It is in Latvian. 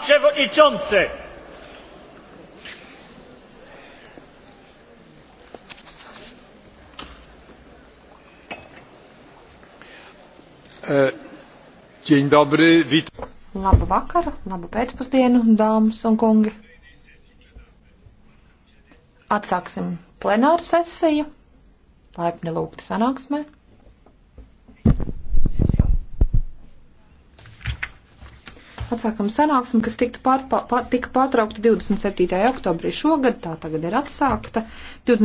przewodniczący! E, dzień dobry, witam. Labu vakaru, labu pēcpusdienu, dāmas un kungi. Atsāksim plenāru sesiju. Laipni lūgti sanāksmē. atsākam sanāksmi, kas tiktu pār, pār, tika pārtraukta 27. oktobrī šogad, tā tagad ir atsākta. 20...